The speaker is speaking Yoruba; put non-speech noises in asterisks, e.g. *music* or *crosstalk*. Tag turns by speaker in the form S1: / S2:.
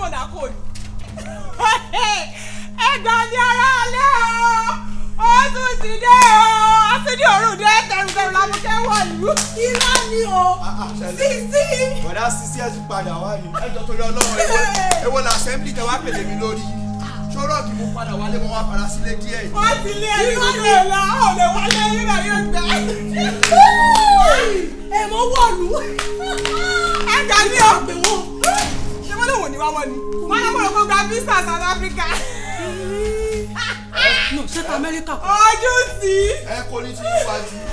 S1: mọ̀nàkó *laughs* ni ẹgbà ní ara alẹ́ o ó tún ti dé o ó tún ní
S2: òórùn dé tẹrùtẹrù làbùkẹ́ wọ̀ lù irọ́ ni o ah, ah, ah, sisi. bọ̀dá
S3: sisi ẹ̀ tún padà wá ní ẹjọ́ torí ọlọ́run ẹ̀wọ́ *laughs* ẹ̀wọ́ la assembly tẹ wá pèlè mi lórí
S4: ṣọ́rọ́ọ̀kì mo padà wálé mo wá fara sílé díẹ̀. wọ́n ti
S3: lé ẹni wọ́n lè lọ ọ̀lẹ̀ wá
S1: ìrọwọ́ ni wọn lọ mọ̀ pé gba visa South Africa. *laughs* no ṣé ta Amẹ́ríkà. ojú sí. ẹ kò ní ti
S5: wájú.